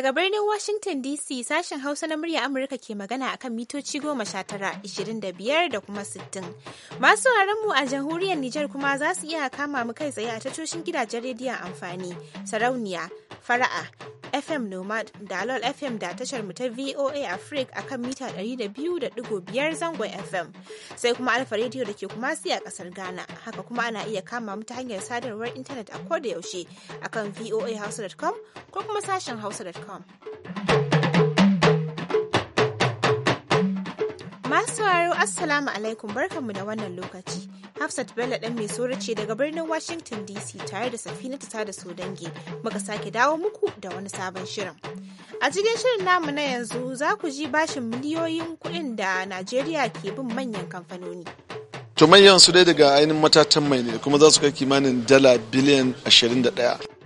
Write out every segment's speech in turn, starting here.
Daga birnin Washington DC sashen Hausa na murya Amurka ke magana akan mitoci goma sha tara, ishirin da biyar da kuma sittin. Masu mu a jamhuriyar Nijar kuma za su iya kama mu kai tsaye a tashoshin gidajen rediyon amfani, sarauniya, fara'a, FM Nomad, Dalol FM da tashar mu ta VOA Africa akan mita ɗari da da biyu biyar zangon FM. Sai kuma Alfa Radio da ke kuma a kasar Ghana. Haka kuma ana iya kama mu ta hanyar sadarwar intanet a da yaushe akan voahausa.com ko kuma sashen hausa.com. amurka.com. Masu sauraro Assalamu alaikum barkanmu da wannan lokaci. Hafsat Bello ɗan mai soro ce daga birnin Washington DC tare da Safina ta da dange muka sake dawo muku da wani sabon shirin. A cikin shirin namu na yanzu za ku ji bashin miliyoyin kuɗin da Najeriya ke bin manyan kamfanoni. To manyan su dai daga ainihin matatan mai ne kuma za su kai kimanin dala biliyan 21.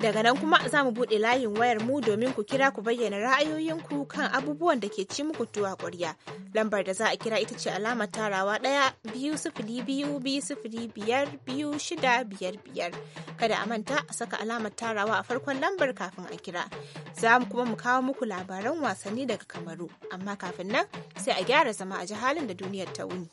Daga nan kuma za mu buɗe layin wayar mu domin ku kira ku bayyana ra'ayoyinku kan abubuwan da ke ci muku tuwa ƙwarya. Lambar da za a kira ita ce alama tarawa ɗaya biyu sifili biyu biyu sifili biyar biyu shida biyar biyar. Kada a manta a saka alamar tarawa a farkon lambar kafin a kira. Za mu kuma mu kawo muku labaran wasanni daga Kamaru. Amma kafin nan sai a gyara zama a ji halin da duniyar ta wuni.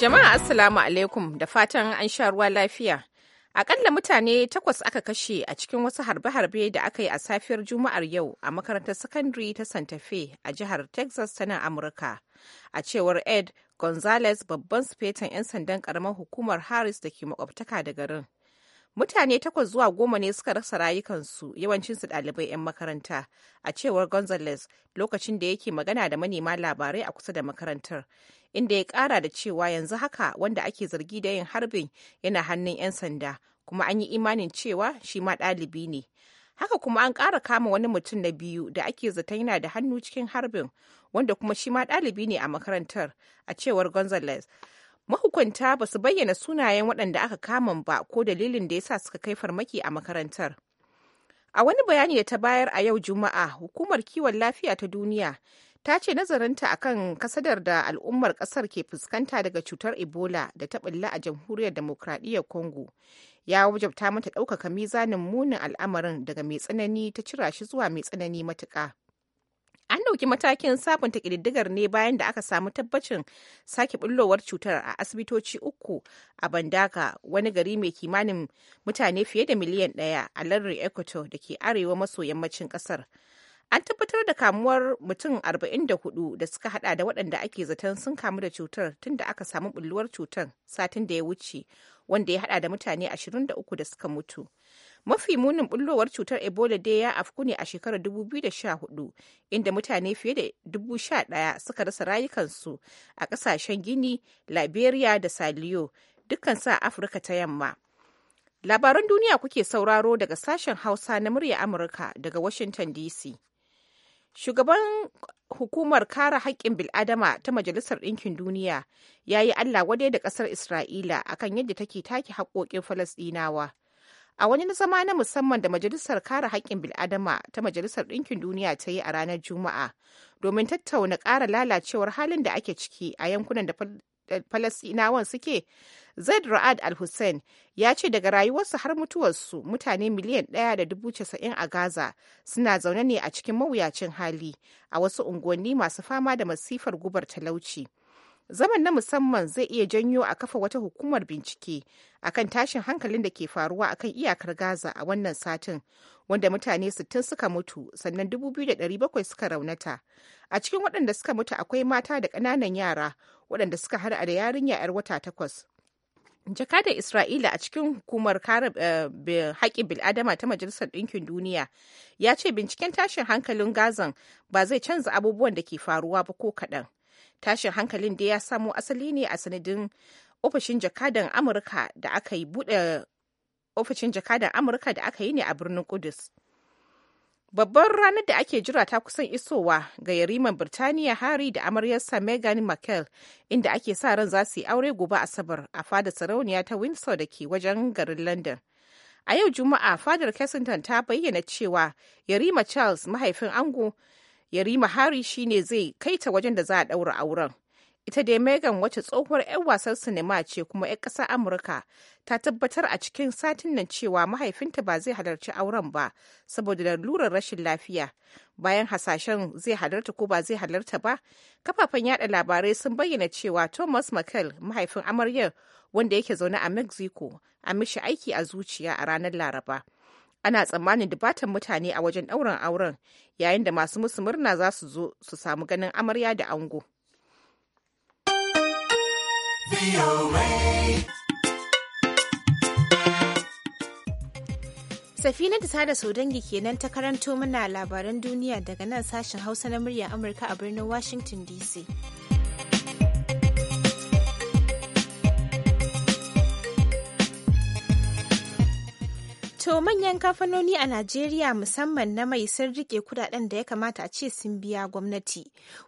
Jama'a Assalamu alaikum da fatan an sha ruwa lafiya. Akalla mutane takwas aka kashe a cikin wasu harbe-harbe da aka yi a safiyar Juma'ar yau a makarantar sakandare ta Santa Fe a jihar Texas ta nan Amurka. A cewar Ed Gonzalez babban sufetan 'yan sandan karamar hukumar Harris da ke makwabtaka da garin. mutane takwas zuwa goma ne suka rasa rayukansu yawancinsu ɗalibai 'yan makaranta a cewar gonzales lokacin da yake magana da manema labarai a kusa da makarantar inda ya ƙara da cewa yanzu haka wanda ake zargi da yin harbin yana hannun 'yan sanda kuma an yi imanin cewa shi ma ɗalibi ne haka kuma an ƙara kama wani mutum na biyu da ake zata yana da hannu cikin harbin wanda kuma shi ma ɗalibi ne a makarantar a cewar gonzales mahukunta ba su bayyana sunayen waɗanda aka kama ba ko dalilin da ya sa suka kai farmaki a makarantar a wani bayani da ta bayar a yau juma'a hukumar kiwon lafiya ta duniya ta ce nazarinta kan kasadar da al'ummar ƙasar ke fuskanta daga cutar ebola da ta ɓulla a jamhuriyar demokradiyyar congo ya wajabta mata ɗaukaka mizanin munin al'amarin daga mai tsanani ta cira shi zuwa mai tsanani matuƙa An ɗauki matakin sabunta ƙididdigar ne bayan da aka samu tabbacin sake bullowar cutar a asibitoci uku a Bandaka, wani gari mai kimanin mutane fiye da miliyan ɗaya a lardin Ecuador da ke arewa maso yammacin ƙasar. An tabbatar da kamuwar mutum 44 da suka hada da waɗanda ake zaton sun kamu da cutar tun da aka samu bulluwar cutar satin da ya wuce, wanda ya hada da mutane 23 da suka mutu. mafi munin bullowar cutar ebola dai ya afku ne a shekarar 2014 inda mutane fiye da 11,000 suka rasa rayukansu a kasashen gini liberia da saliyo dukkan sa afirka ta yamma labaran duniya kuke sauraro daga sashen hausa na murya amurka daga washington dc shugaban hukumar kare haƙƙin bil'adama ta majalisar ɗinkin duniya ya yi allah wadai da ƙasar isra'ila akan yadda take take haƙoƙin falasɗinawa a wani zama na musamman da majalisar kare haƙƙin bil'adama ta majalisar ɗinkin duniya ta yi a ranar juma'a domin tattauna ƙara lalacewar halin da ake ciki a yankunan da falasinawan suke zaid ra'ad al-hussein ya ce daga rayuwarsu har mutuwarsu mutane miliyan ɗaya da dubu casa'in a gaza suna zaune ne a cikin mawuyacin hali a wasu unguwanni masu fama da masifar gubar talauci zaman na musamman zai iya janyo a kafa wata hukumar bincike akan tashin hankalin da ke faruwa akan iyakar gaza a wannan satin wanda mutane 60 suka mutu sannan 2,700 suka raunata a cikin waɗanda suka mutu akwai mata da ƙananan yara waɗanda suka hada da yarinya 'yar wata takwas jakadar isra'ila a cikin hukumar kare eh, haƙƙin bil'adama ta majalisar ɗinkin duniya ya ce binciken tashin hankalin gazan ba zai canza abubuwan da ke faruwa ba ko kaɗan tashin hankalin da ya samo asali ne a sanadin ofishin jakadan amurka da aka yi bude ofishin jakadan amurka da aka yi ne a birnin kudus babbar ranar da ake jira ta kusan isowa ga yariman birtaniya hari da amaryarsa megan markle inda ake sa ran za su yi aure gobe asabar a fadar sarauniya ta windsor da ke wajen garin london a yau juma'a fadar kensington ta bayyana cewa yarima charles mahaifin ango yarima hari shine zai kai ta wajen da za a ɗaura auren ita dai megan wacce tsohuwar 'yan wasan sinima ce kuma 'yan ƙasa amurka ta tabbatar a cikin satin nan cewa mahaifinta ba zai halarci auren ba saboda lalurar rashin lafiya bayan hasashen zai halarta ko ba zai halarta ba kafafen yada labarai sun bayyana cewa thomas mccall mahaifin amaryar wanda yake zaune a mexico a mishi aiki a zuciya a ranar laraba ana tsammanin dubatan mutane a wajen ɗaurin auren yayin da masu musu murna za su zo su samu ganin amarya da ango. Safina da sada sau dangi kenan ta karanto mana labaran duniya daga nan sashen Hausa na muryar Amurka a birnin Washington DC. To manyan kamfanoni a Najeriya musamman na mai sun rike kudaden da ya kamata a ce sun biya gwamnati.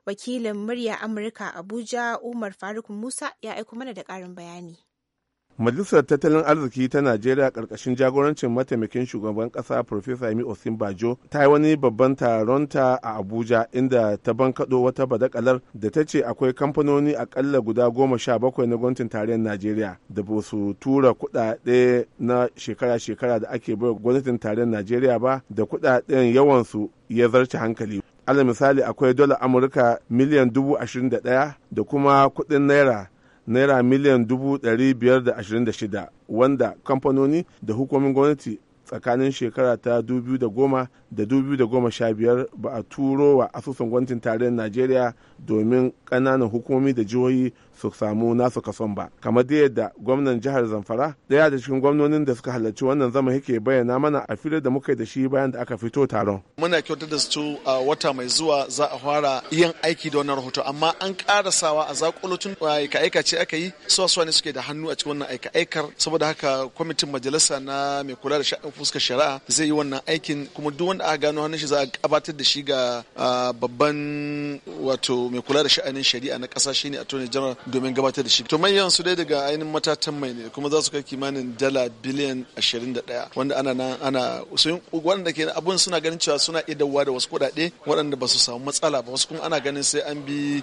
Wakilin murya Amurka Abuja Umar Faruk Musa ya aiko mana da ƙarin bayani. Majalisar Tattalin Arziki ta Najeriya ƙarƙashin jagorancin mataimakin shugaban ƙasa Profesa Yemi bajo ta yi wani babban taron ta a Abuja inda ta bankaɗo wata badakalar da ta ce akwai kamfanoni aƙalla guda goma sha bakwai na gwamnatin tarayyar Najeriya da ba su tura kuɗaɗe na shekara-shekara da ake bai gwamnatin tarayyar Najeriya ba da kuɗaɗen yawansu ya zarce hankali. alal misali akwai dola amurka miliyan dubu ashirin da ɗaya da kuma kuɗin naira naira miliyan 526 wanda kamfanoni da hukumomin gwamnati tsakanin shekara ta 2010 da 2015 ba a turo wa asusun gwamnatin tarayyar najeriya domin kananan hukumomi da jihohi su samu nasu kason ba kamar dai yadda gwamnan jihar zamfara daya da cikin gwamnonin da suka halarci wannan zama yake bayyana mana a filin da muka yi da shi bayan da aka fito taron muna kyautar da su a wata mai zuwa za a fara yin aiki da wannan rahoto amma an karasawa a zakulutun aika aika ce aka yi suwa ne suke da hannu a cikin wannan aika aikar saboda haka kwamitin majalisa na mai kula da sha'an fuska shari'a zai yi wannan aikin kuma duk wanda aka gano hannun shi za a gabatar da shi ga babban wato mai kula da sha'anin shari'a na ƙasa shine attorney general domin gabatar da shi to manyan su dai daga ainihin matatan mai ne kuma za su kai kimanin dala biliyan 21 wanda ana nan ana sun wanda ke abun suna ganin cewa suna idawa da wasu kuɗaɗe waɗanda ba su samu matsala ba wasu kuma ana ganin sai an bi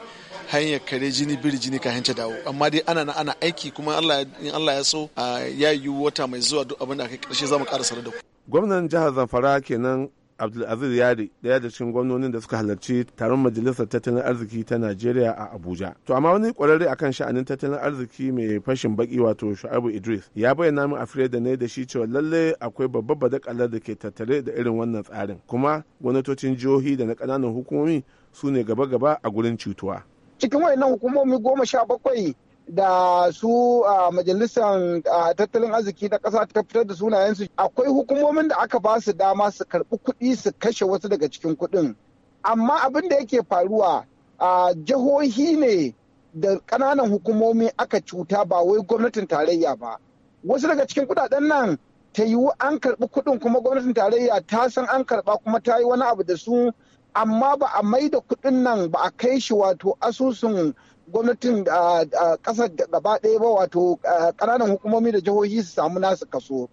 hanyar kare jini biri jini kafin ta dawo amma dai ana na ana aiki kuma in Allah ya so ya yi wata mai zuwa duk abin da aka za zamu ƙara da ku gwamnan jihar Zamfara kenan abdulaziz yari daya da cikin gwamnonin da suka halarci taron majalisar tattalin arziki ta najeriya a abuja to amma wani kwararre akan sha'anin tattalin arziki mai fashin baki wato shu'abu idris ya bayyana min afire da ne da shi cewa lalle akwai babbar badakalar da ke tattare da irin wannan tsarin kuma gwamnatocin jihohi da na ƙananan hukumomi su ne gaba-gaba a gurin cutuwa cikin wayannan hukumomi goma sha bakwai da su a majalisar tattalin arziki na ƙasa ta fitar da sunayensu akwai hukumomin da aka ba su dama su karɓi kuɗi su kashe wasu daga cikin kuɗin amma abin da yake faruwa a jihohi ne da ƙananan hukumomi aka cuta ba wai gwamnatin tarayya ba wasu daga cikin kuɗaɗen nan ta yiwu an karɓi kuɗin kuma gwamnatin tarayya ta san an karɓa kuma ta yi wani abu da su amma ba a mai da kuɗin nan ba a kai shi wato asusun gwamnatin kasar gaba ɗaya ba wato ƙananan hukumomi da jihohi su samu nasu kaso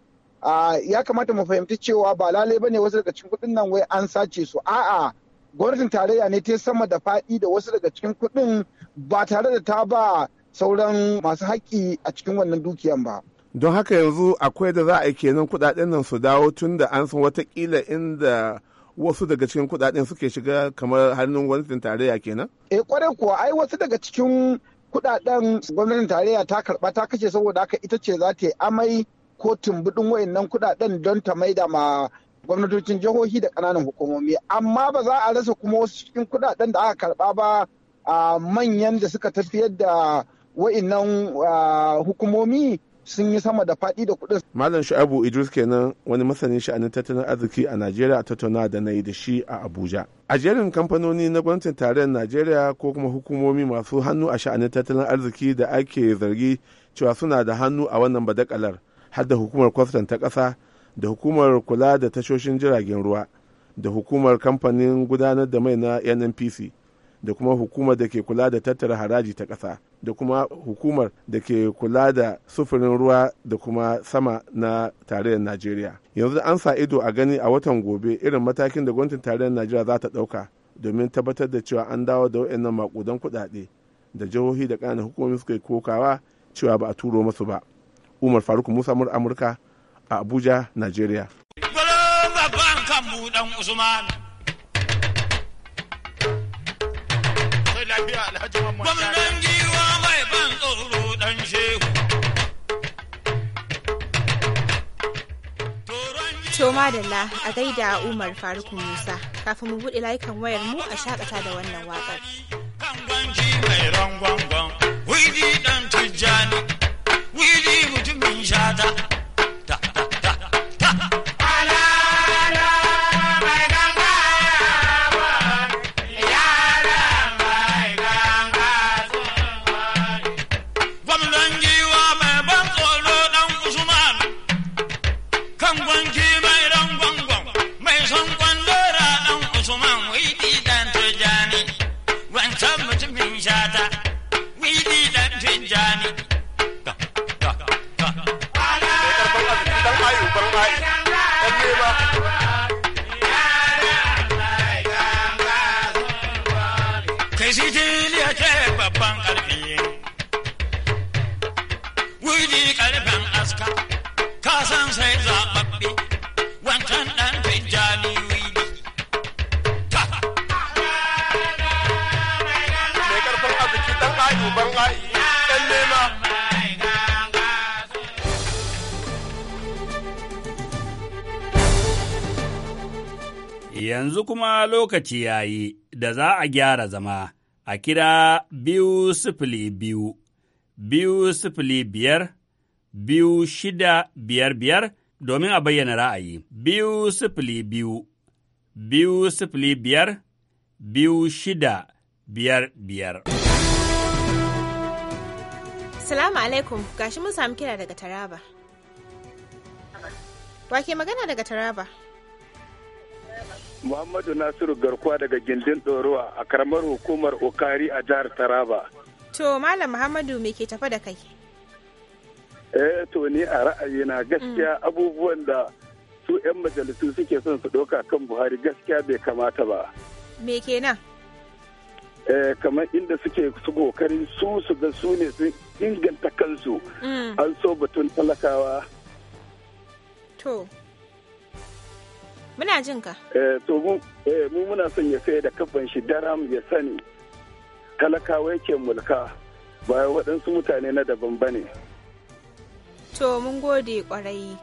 ya kamata mu fahimci cewa ba lalai bane wasu daga cikin kuɗin nan wai an sace su a'a gwamnatin tarayya ne ta sama da faɗi da wasu daga cikin kuɗin ba tare da ta ba sauran masu haƙƙi a cikin wannan dukiyan ba. don haka yanzu akwai da za a yi kenan kuɗaɗen nan su dawo tunda an san watakila inda wasu daga cikin kudaden suke shiga kamar hannun gwamnatin tarayya kenan? Eh kwarai kuwa ai wasu daga cikin kudaden gwamnatin tarayya ta karba ta kashe saboda haka ita ce za ta yi amai ko tumbudin wayannan kudaden don ta maida ma gwamnatocin jihohi da kananan hukumomi amma ba za a rasa kuma wasu cikin kudaden da aka karba ba a manyan da suka tafiyar da wayannan hukumomi sun yi sama da faɗi da kuɗin. Malam Shu'abu Idris kenan wani masanin sha'anin tattalin arziki a Najeriya a tattauna da na yi da shi a Abuja. A jerin kamfanoni na gwamnatin tarayyar Najeriya ko kuma hukumomi masu hannu a sha'anin tattalin arziki da ake zargi cewa suna da hannu a wannan badakalar har da hukumar kwastan ta ƙasa da hukumar kula da tashoshin jiragen ruwa da hukumar kamfanin gudanar da mai na NNPC. da kuma hukumar da ke kula da tattara haraji ta ƙasa da kuma hukumar da ke kula da sufurin ruwa da kuma sama na tarayyar najeriya yanzu an sa ido a gani a watan gobe irin matakin da gwamnatin tarayyar najeriya za ta ɗauka domin tabbatar da cewa an dawo da waɗannan makudan kuɗaɗe da jihohi da ƙananan hukumomi suka yi kokawa cewa ba a turo masu ba umar faruk musa mur amurka a abuja najeriya. Usman. lafiya Alhaji Muhammad. giwa mai ban tsoro dan shehu. To madalla a gaida Umar Faruk Musa kafin mu buɗe layukan wayar mu a shakata da wannan waƙar. Widi dan tijjani, widi mutumin shata. Mai ya ce babban ƙarfi. Wuri ƙarfin aska, kasan sai zaɓaɓɓe, wancan ɗan tijjani wili. Ta! Mai ƙarfin arziki ɗan ayu ban ayi, ɗan nema. Yanzu kuma lokaci ya yi da za a gyara zama. a kira biyu sifili biyu, biyu sifili biyar, biyu shida biyar biyar domin a bayyana ra'ayi, biyu sifili biyu, biyu sifili biyar, biyu shida biyar biyar. Salamu alaikum, gashi mun sami kira daga Taraba. Wake magana daga Taraba? Muhammadu Nasiru garkuwa daga gindin ɗorowa a karamar hukumar Okari a jihar Taraba. To, Malam Muhammadu me ke tafa da kai? Eh, to ni a ra'ayina gaskiya mm. abubuwan da su 'yan majalisu suke son su ɗauka kan Buhari gaskiya bai kamata ba. Me kenan? Eh, kamar inda suke su kokarin su su ga su ne su inganta kansu mm. an so batun talakawa. To. Muna jin ka. Eh, to mu eh, muna son ya sai da kafan shi daram ya sani. Talakawa yake mulka ba waɗansu mutane na daban ba To mun gode kwarai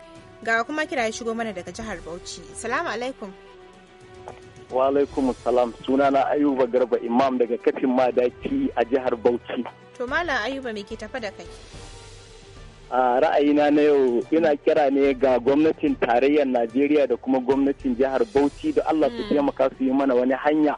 ga kuma kira shigo mana daga jihar Bauchi. Salamu alaikum. Wa alaikum salam sunana Ayuba Garba Imam daga kafin madaki a jihar Bauchi. To Malam Ayuba me ke tafa da kai? a ra'ayina na yau ina kira ne ga gwamnatin tarayyar najeriya da kuma gwamnatin jihar bauchi da allah su hmm. taimaka su yi mana wani hanya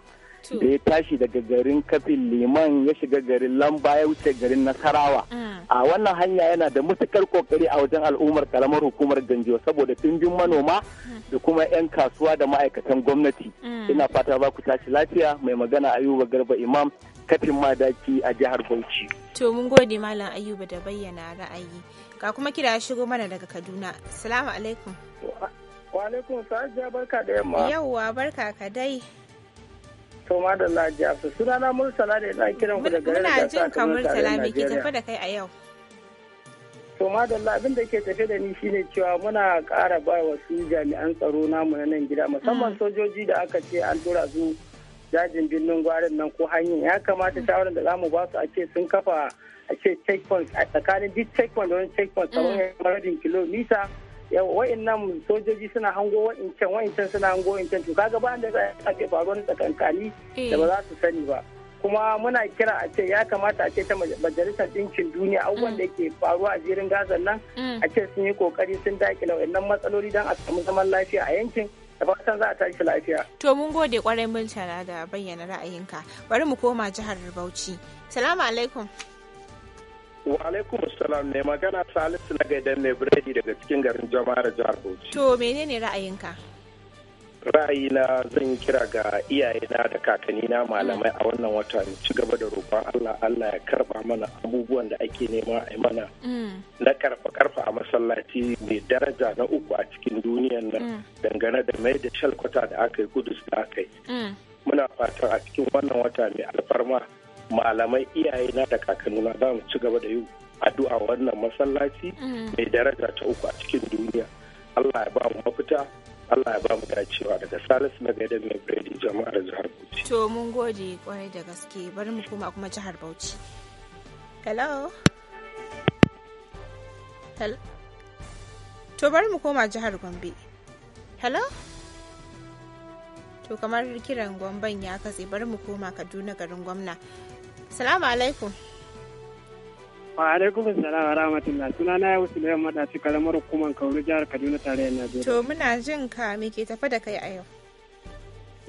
da ya tashi daga garin kafin liman ya shiga garin lamba ya wuce garin nasarawa hmm. a wannan hanya yana da matukar kokari a wajen al'ummar karamar hukumar ganjiwa saboda tunjin manoma hmm. da kuma 'yan kasuwa da ma'aikatan gwamnati ina fata ba ku tashi lafiya mai magana ayuba garba imam kafin madaki a jihar bauchi to mun gode malam ayuba da bayyana ra'ayi Ga kuma kira ya shigo mana daga Kaduna. Salamu alaikum. Wa alaikum sajiya barka da yamma. yauwa barka ka dai. To su suna na Murtala ne na kiran ku daga Muna jin ka Murtala me ke tafi da kai a yau. To da abin da ke tafe da ni shine cewa muna ƙara ba wasu jami'an tsaro namu na nan gida musamman mm. sojoji da aka ce an tura su jajin birnin gwarin nan ko hanyar ya kamata shawarar da zamu ba su a ce sun kafa a ce checkpoint a tsakanin duk checkpoint da wani checkpoint kamar mm. rabin kilomita wa'annan sojoji suna hango wa'incan wa'incan suna hango wa'incan to kaga ba da ake faruwar tsakankani eh. da ba za su sani ba kuma muna kira a ce ya kamata a ce ta majalisar ɗinkin duniya abubuwan mm. da ke faruwa a jirin gazan nan mm. a ce sun yi kokari sun dakila wa'annan matsaloli don a samu zaman lafiya a yankin da fatan za a tashi lafiya. To mun gode kwarai mun da bayyana ra'ayinka bari mu koma jihar Bauchi. Salamu alaikum. Wa alaikum salam ne magana Salisu na gaidan ne biredi daga cikin garin Jama'ar jihar Bauchi. To menene ra'ayinka? Ra'ayina zan kira ga iyayena da kakannina malamai a wannan wata ci gaba da roƙon Allah Allah ya karba mana abubuwan da ake nema a mana mm. na karfa karfa a masallaci mai daraja na uku a cikin duniyan nan mm. dangane da mai da shalkwata da aka yi kudus da aka yi. Mm. Muna fatan a cikin wannan wata mai alfarma malamai iyaye na da kakannuna za mu ci gaba da yi addu'a wannan masallaci mm. mai daraja ta uku a cikin duniya Allah ya ba mu mafita Allah ya ba mu dacewa daga Salisu na gaidan mai biredi jama'ar jihar Bauchi. To mun gode kwarai da gaske bari mu koma kuma jihar Bauchi. Hello. Hello. To bari mu koma jihar Gombe. Hello. To kamar kiran gwamban ya katse bari mu koma Kaduna garin gwamna. Salamu alaikum. Wa alaikum salam wa rahmatullah. Suna na ya wasu da yamma ci karamar hukumar Kauru jihar Kaduna tarayyar Najeriya. To muna jin ka me ke tafa da kai a yau.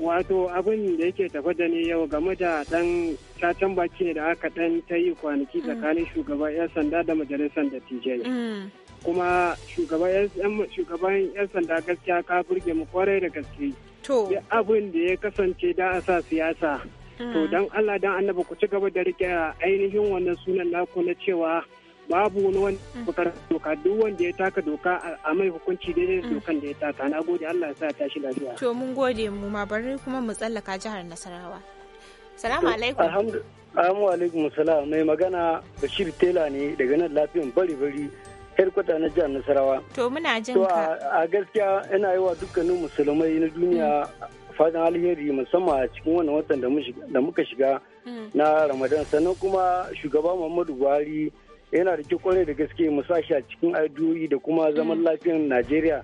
Wato abin da yake tafa da ni yau game da dan cacan baki ne da aka dan ta yi kwanaki mm. tsakanin shugaban 'yan sanda da majalisar dattijai. Mm. Kuma shugaban 'yan sanda gaskiya ka burge mu kwarai da gaske. To. Abin da ya kasance da a sa siyasa. to mm. dan Allah dan annabi ku ci gaba da rike ainihin wannan sunan naku na cewa babu wani wanda bukar mm. doka duk wanda ya taka doka a mai hukunci daidai mm. dokan da ya taka na gode Allah ya sa tashi lafiya to mun gode mu ma bari kuma mu tsallaka jihar Nasarawa salamu alaikum alhamdu alaikum salam mai magana Bashir Tela ne daga nan lafiyan bari bari kwata na jihar Nasarawa to muna jin ka a gaskiya ina yi wa dukkanin musulmai na duniya fatan alheri musamman a cikin wannan watan da muka shiga mm. na ramadan sannan kuma shugaba muhammadu buhari yana da kyau kwarai da gaske mu sa a cikin addu'o'i da kuma zaman mm. lafiyar najeriya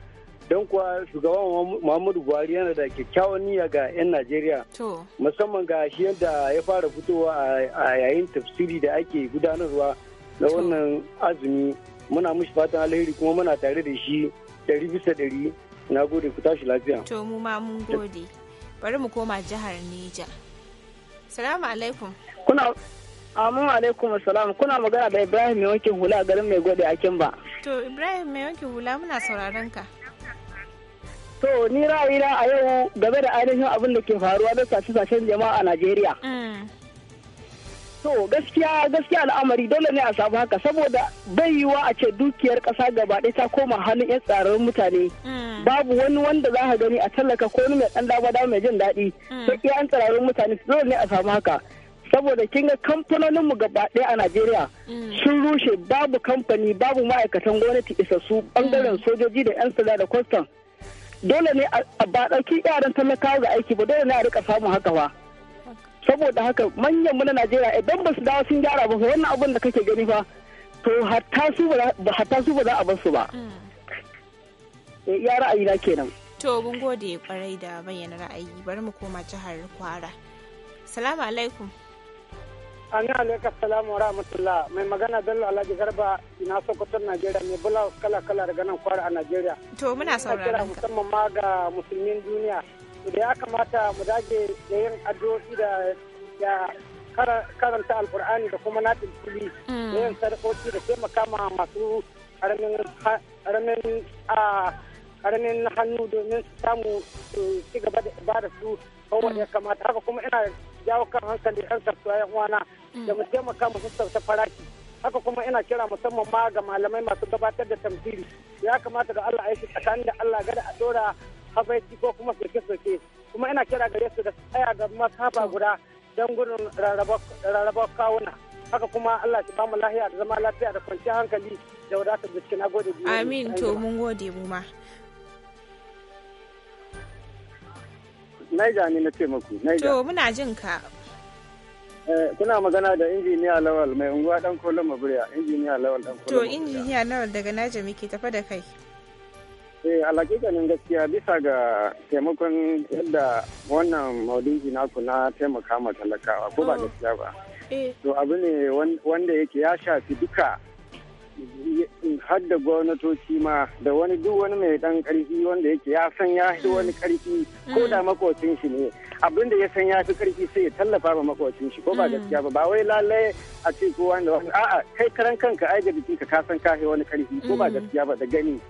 don kuwa shugaba muhammadu buhari yana da kyakkyawan niyya ga 'yan najeriya musamman ga shi yadda ya fara fitowa a yayin tafsiri da ake gudanarwa na wannan azumi muna mushi fatan alheri kuma muna tare da shi ɗari bisa ɗari na gode ku tashi lafiya to mu ma mun gode bari mu koma jihar Neja. Salamu alaikum. Kuna Amin alaikum salam kuna magana da Ibrahim mai wankin hula a garin mai gode a Kimba. To Ibrahim mai wankin hula muna sauraron ka. To ni ra'ayina a yau game da ainihin abin da ke faruwa da sace-sacen jama'a a Najeriya. Mm. To gaskiya gaskiya al'amari dole ne a samu haka saboda bai yiwa a ce dukiyar kasa gaba ɗaya ta koma hannun 'yan tsararrun mutane. Mm. Babu wani wanda za ka gani a tallaka ko wani mai ɗan dama mai jin daɗi. Mm. Sai iya 'yan mutane dole ne a samu haka. Saboda kin ga kamfanonin mu gaba ɗaya a Najeriya mm. sun rushe babu kamfani babu ma'aikatan gwamnati isassu bangaren sojoji da 'yan sanda da kwastam. Dole ne a ba ɗauki yaran talakawa ga aiki ba dole ne a rika samun haka ba. saboda haka manyan mu na Najeriya idan ba su dawo sun gyara ba wannan abin da kake gani fa to hatta su ba za a bar su ba hmm. eh, ya ra'ayi na kenan to mun gode kwarai da bayyana ra'ayi bari mu koma jihar Kwara salamu alaikum an yi alaika salamu wa rahmatullah mai magana bello alhaji garba ina sokoton najeriya mai bula kala kala daga nan kwara a najeriya to muna sauraron ka musamman ma ga musulmin duniya da ya kamata mu dage da yin addu'o'i da karanta alkur'ani da kuma natin fili mm. da yin sadakoki da taimaka ma masu karamin hannu domin su samu su ci gaba da ibada su kowane ya mm. kamata haka kuma ina jawo kan hankali yan sassuwa yan uwana mm. da mu taimaka mu sassauta faraki haka kuma ina kira musamman ma ga malamai masu gabatar da tamfiri ya kamata da Allah aiki tsakanin da Allah gada a dora hafaiti ko kuma soke-soke kuma ina kira gare su da tsaya ga masafa guda don gudun rarrabar kawuna haka kuma Allah ya bamu lahiya da zama lafiya da kwanciyar hankali da wadatar da cikin agode biyu amin to mun gode mu ma Naija ne na ce muku Naija to muna jin ka eh, kuna magana da injiniya lawal mai unguwa dan kolon maburya injiniya lawal dan kolon to injiniya lawal daga Naija muke tafa da kai eh alaƙiƙanin gaskiya bisa ga taimakon yadda wannan maudiji naku na taimaka ma talakawa ko ba oh. gaskiya ba eh. to abu ne wanda yake ya shafi duka hadda gwamnatoci ma da wani duk wani mai dan karfi wanda yake ya san ya fi mm. wani karfi ko da mm. makocin shi ne abin da ya san ya fi karfi sai ya tallafa ma makocin shi ko ba mm. gaskiya ba ba wai lalai a ce ko wanda a'a kai karan kanka ai da jikinka ka san ka wani karfi ko ba gaskiya ba da gani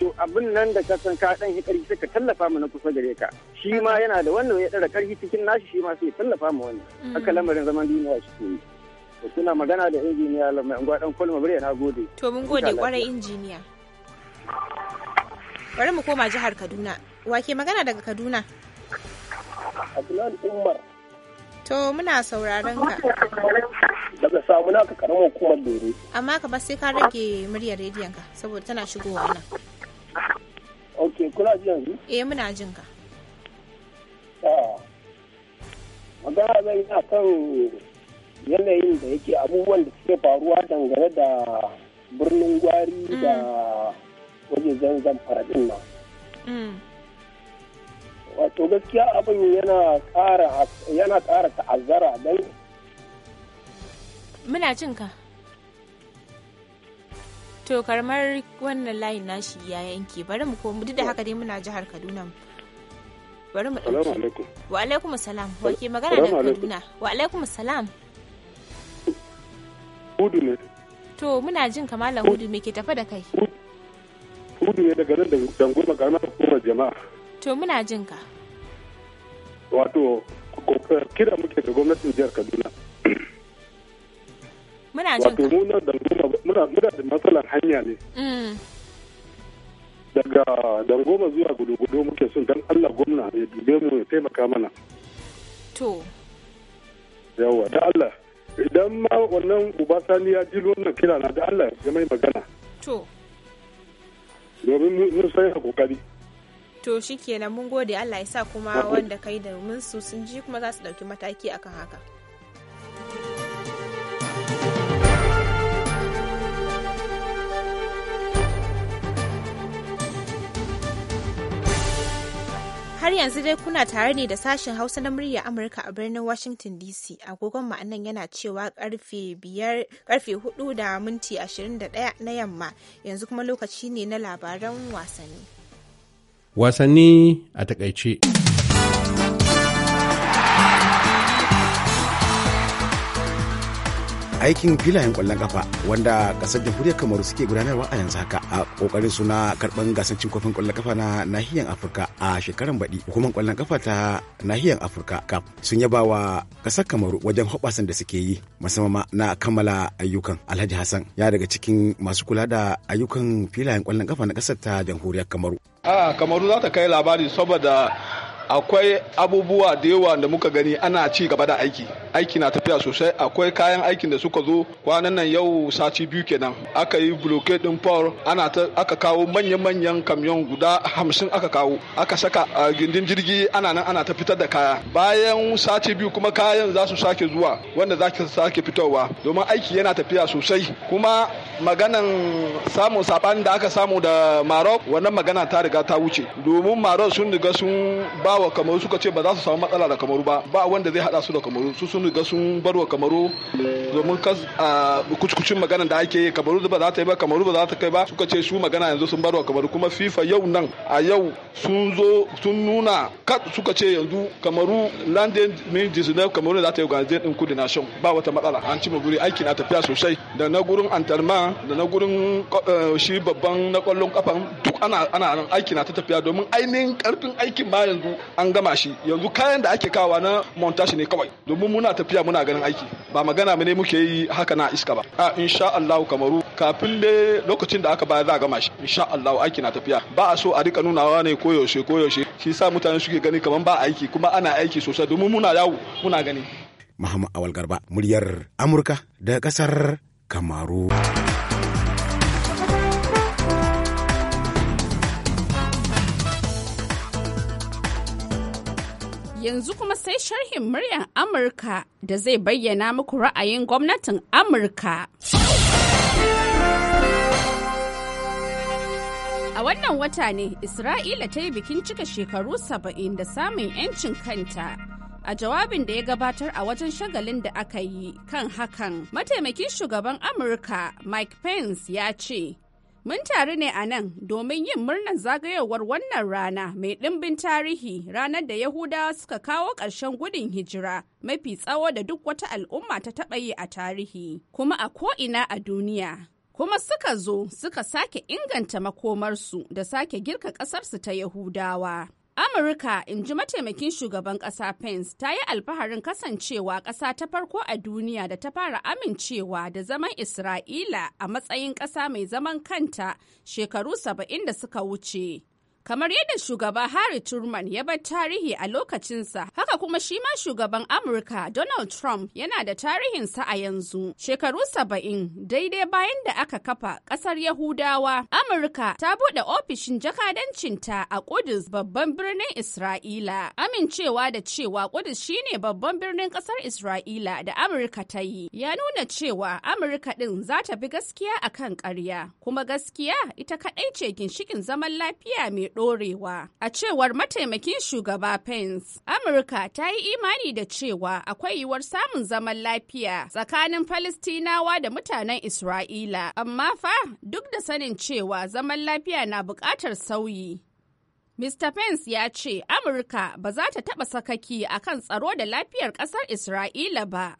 to abin nan da ka san ka dan yi karfi ka tallafa mu na kusa gare ka shi ma yana da wannan ya dara karfi cikin nashi shi ma sai tallafa mu wannan mm. haka lamarin zaman duniya shi ke to kuna magana da injiniya lamai ungwa dan kolma bare na gode to mun gode kwarai injiniya bari mu koma jihar Kaduna wake magana daga Kaduna Abdullahi Umar To muna sauraron ka. Daga samu na ka karamar hukumar Dore. Amma ba sai ka rage muryar rediyon ka saboda tana shigowa nan. ok kuna ji yanzu eh muna jin ka magana zai yi akan yanayin da yake abubuwan da suke faruwa dangane da birnin gwari mm. da waje zanzan faradin nan mm. wato gaskiya abin yana ƙara ta'azzara don muna jin ka to karmar wannan layin nashi ya yanke bari mu komu duk da haka dai muna jihar kaduna bari mu wa alaikum salam wa ke magana da kaduna wa alaikum salam hudu ne to muna jin kamala hudu me ke tafa da kai hudu ne daga nan da dangoma ga nan jama'a to muna jin ka wato kira muke da gwamnatin jihar kaduna muna jin wato muna da muna muna da matsalar hanya ne mm. daga dangoma zuwa gudugudu muke son dan Allah gwamna ya dube mu ya taimaka mana to yawa da Allah idan ma wannan Sani ya ji wannan kira na da Allah ya mai magana to domin mun sai kokari to shikenan mun gode Allah ya sa kuma wanda kai da mun su sun ji kuma za su dauki mataki akan haka Har yanzu dai kuna tare ne da sashen Hausa na murya Amurka a birnin Washington DC. Agogon ma'anan yana cewa karfe 4 da minti 21 na yamma. Yanzu kuma lokaci ne na labaran wasanni. Wasanni a takaice. aikin filayen kwallon kafa wanda kasar jamhuriyar kamaru suke gudanarwa a yanzu haka a kokarin suna karban gasar cin kofin kwallon kafa na nahiyar afirka a shekaran baɗi hukumar kwallon kafa ta nahiyar afirka cap sun yaba wa kasar kamaru wajen hoɓasan da suke yi musamman na kammala ayyukan alhaji hassan ya daga cikin masu kula da ayyukan filayen kwallon kafa na kasar ta jamhuriyar kamaru a kamaru za ta kai labari saboda akwai abubuwa da yawa da muka gani ana ci gaba da aiki aiki na tafiya sosai akwai kayan aikin da suka zo kwanan nan yau sati biyu kenan aka yi din power ana ta aka kawo manyan-manyan kamyon guda hamsin aka kawo aka saka a gindin jirgi ana nan ana ta fitar da kaya bayan sati biyu kuma kayan za su sake zuwa wanda za ki sake fitowa domin aiki yana tafiya sosai kuma maganan samun sabanin da aka samu da marok wannan magana ta riga ta wuce domin marok sun riga sun ba wa kamaru suka ce ba za su samu matsala da kamaru ba ba wanda zai hada su da kamaru su sun riga sun bar wa kamaru domin kas a kucukucin magana da ake yi kamaru ba za ta yi ba kamaru ba za ta kai ba suka ce su magana yanzu sun bar wa kamaru kuma fifa yau nan a yau sun zo sun nuna kat suka ce yanzu kamaru landing min disney kamaru za ta yi gazet din kudi shan ba wata matsala an ci maguri aiki na tafiya sosai da na gurin antarma da na gurin eh, shi babban na kwallon kafan duk ana ana aiki na ta tafiya domin ainihin karfin aikin b'a yanzu an gama shi yanzu kayan da ake kawa na montage ne kawai domin muna tafiya muna ganin aiki ba magana mu ne muke yi haka na iska ba a insha Allah kamaru kafin da lokacin da aka baya za a gama shi insha Allah aiki na tafiya ba a so a rika nunawa ne koyaushe koyaushe shi sa mutane suke gani kamar ba aiki kuma ana aiki sosai domin muna yawo muna gani Muhammad Awal Garba muryar Amurka da kasar Kamaru. Yanzu kuma sai sharhin muryar Amurka da zai bayyana muku ra'ayin gwamnatin Amurka. A wannan wata ne Isra'ila ta yi bikin cika shekaru saba'in da samun 'yancin kanta. A jawabin da ya gabatar a wajen shagalin da aka yi kan hakan, mataimakin shugaban Amurka Mike Pence ya ce, Mun taru ne a nan domin yin murnar zagayowar wannan rana mai ɗimbin tarihi ranar da Yahudawa suka kawo ƙarshen gudun hijira mafi tsawo da duk wata al'umma ta taɓa yi a tarihi, kuma a ko'ina a duniya. Kuma suka zo suka sake inganta makomarsu da sake girka ƙasarsu ta Yahudawa. Amurka, in ji mataimakin shugaban ƙasa Pence, ta yi alfaharin kasancewa ƙasa ta farko a duniya da ta fara amincewa da zaman Isra'ila a matsayin ƙasa mai zaman kanta shekaru saba'in da suka wuce. Kamar yadda shugaba Harry turman ya bar tarihi a lokacinsa, haka kuma shi ma shugaban Amurka Donald Trump yana da tarihinsa a yanzu. Shekaru saba'in daidai bayan da aka kafa ƙasar Yahudawa, Amurka ta buɗe ofishin jakadancinta a Kudus babban birnin Isra'ila. Amincewa da cewa Kudus shine babban birnin ƙasar Isra'ila da Amurka ta yi, ya nuna cewa Amurka ɗin za ta bi gaskiya akan ƙarya, kuma gaskiya ita kaɗai ce ginshikin zaman lafiya mai Dorewa, A cewar mataimakin shugaba Pence, Amurka ta yi imani da cewa akwai yiwuwar samun zaman lafiya tsakanin Falistinawa da mutanen Isra'ila, amma fa duk da sanin cewa zaman lafiya na buƙatar sauyi. Mr. Pence ya ce Amurka ba za ta taɓa sakaki a kan tsaro da lafiyar ƙasar Isra'ila ba.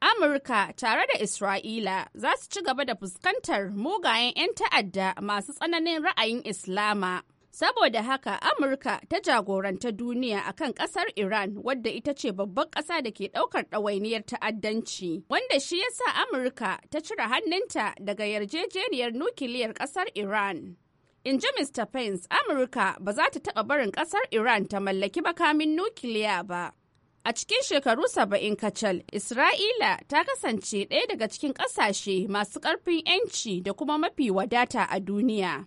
Amurka tare da Isra'ila za su ci gaba da fuskantar mugayen 'yan ta'adda masu tsananin ra'ayin Islama. Saboda haka Amurka ta jagoranta duniya a kan ƙasar Iran wadda ita ce babban ƙasa da ke ɗaukar ɗawainiyar ta'addanci. Wanda shi ya sa Amurka ta cire hannunta daga yarjejeniyar nukiliyar ƙasar Iran. In ji Mr. Pence, Amurka ba za ta taɓa barin ƙasar Iran ta mallaki makamin nukiliya ba. A cikin shekaru saba'in kacal, Isra'ila ta kasance ɗaya daga cikin ƙasashe masu ƙarfin 'yanci da kuma mafi wadata a duniya.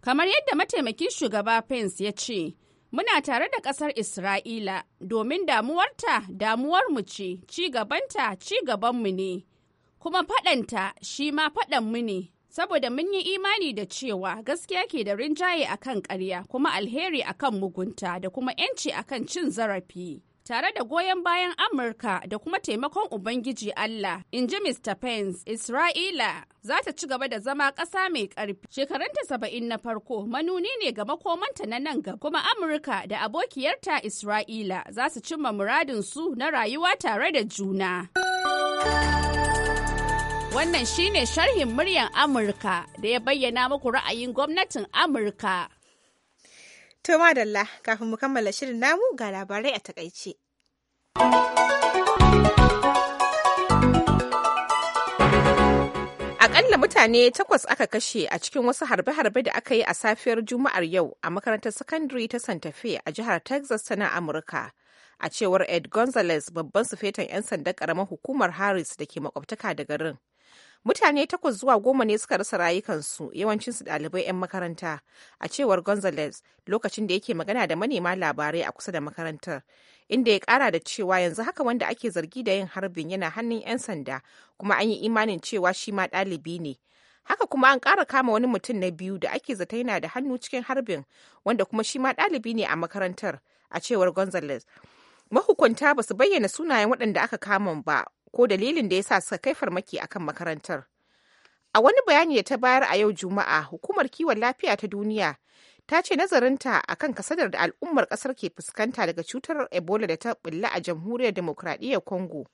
Kamar yadda mataimakin shugaba Pence ya ce, Muna tare da ƙasar Isra'ila domin damuwarta mu ce, ci gabanta ci gaban mu ne, kuma faɗanta shi ma mu ne, saboda mun yi imani da cewa gaskiya ke da rinjaye akan ƙarya kuma alheri akan mugunta da kuma 'yanci akan cin zarafi. tare da goyon bayan Amurka da kuma taimakon Ubangiji Allah, in ji Mr. Pence, Isra'ila za ta ci gaba da zama ƙasa mai ƙarfi. Shekarunta saba'in na farko manuni ne ga makomanta na nan ga kuma Amurka da abokiyarta Isra'ila za su cimma muradinsu na rayuwa tare da juna. Wannan shine sharhin muryan Amurka da ya bayyana muku ra'ayin gwamnatin Amurka. To madalla kafin mu kammala shirin namu ga labarai a takaice. aƙalla mutane takwas aka kashe a cikin wasu harbe-harbe da aka yi a safiyar Juma'ar yau a makarantar sakandare ta Santa Fe a jihar Texas ta na Amurka. A cewar Ed Gonzalez babban sufetan 'yan sandan karamar hukumar Harris da ke makwabtaka da garin. mutane takwas zuwa goma ne suka rasa rayukansu yawancinsu ɗalibai 'yan makaranta a cewar gonzales lokacin da yake magana da manema labarai a kusa da makarantar inda ya kara da cewa yanzu haka wanda ake zargi da yin harbin yana hannun 'yan sanda kuma an yi imanin cewa shi ma ɗalibi ne haka kuma an ƙara kama wani mutum na biyu da ake zata yana da hannu cikin harbin wanda kuma shi ma ɗalibi ne a makarantar a cewar gonzales mahukunta ba su bayyana sunayen waɗanda aka kama ba ko dalilin da ya sa suka kai farmaki a kan makarantar. A wani bayani da ta bayar a yau Juma'a, hukumar kiwon lafiya ta duniya ta ce nazarinta a kan kasadar da al'ummar kasar ke fuskanta daga cutar Ebola da ta bulla a jamhuriyar demokradiyyar Congo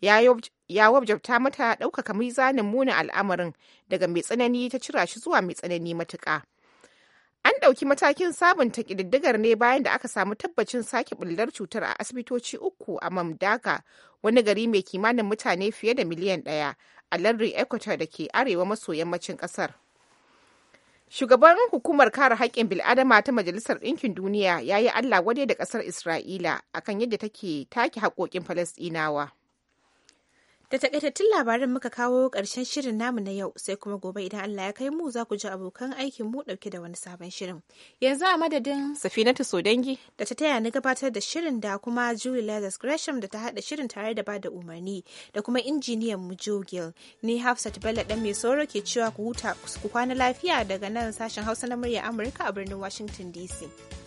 ya wabjabta mata ɗaukaka mizanin munin al'amarin daga mai tsanani ta cira shi zuwa mai tsanani matuka. An ɗauki matakin sabunta ƙididdigar ne bayan da aka samu tabbacin sake bullar cutar a asibitoci uku a Mamdaka wani gari mai kimanin mutane fiye da miliyan ɗaya a lardin ecuador da ke arewa maso yammacin ƙasar shugaban hukumar kare haƙƙin bil'adama ta majalisar ɗinkin duniya ya yi allah wade da ƙasar isra'ila akan yadda take take haƙoƙin falasɗinawa Da takaitattun labaran muka kawo ƙarshen shirin namu na yau sai kuma gobe idan Allah ya kai mu za ku ji abokan aikin mu ɗauke da wani sabon shirin. Yanzu a madadin Safinatu Sodangi da ta taya ni gabatar da shirin da kuma Julie Lazarus Gresham da ta haɗa shirin tare da ba da umarni da kuma injiniyan mu Jogil. Ni Hafsat Bello dan mai sauro ke cewa ku huta ku kwana lafiya daga nan sashen Hausa na murya Amurka a birnin Washington DC.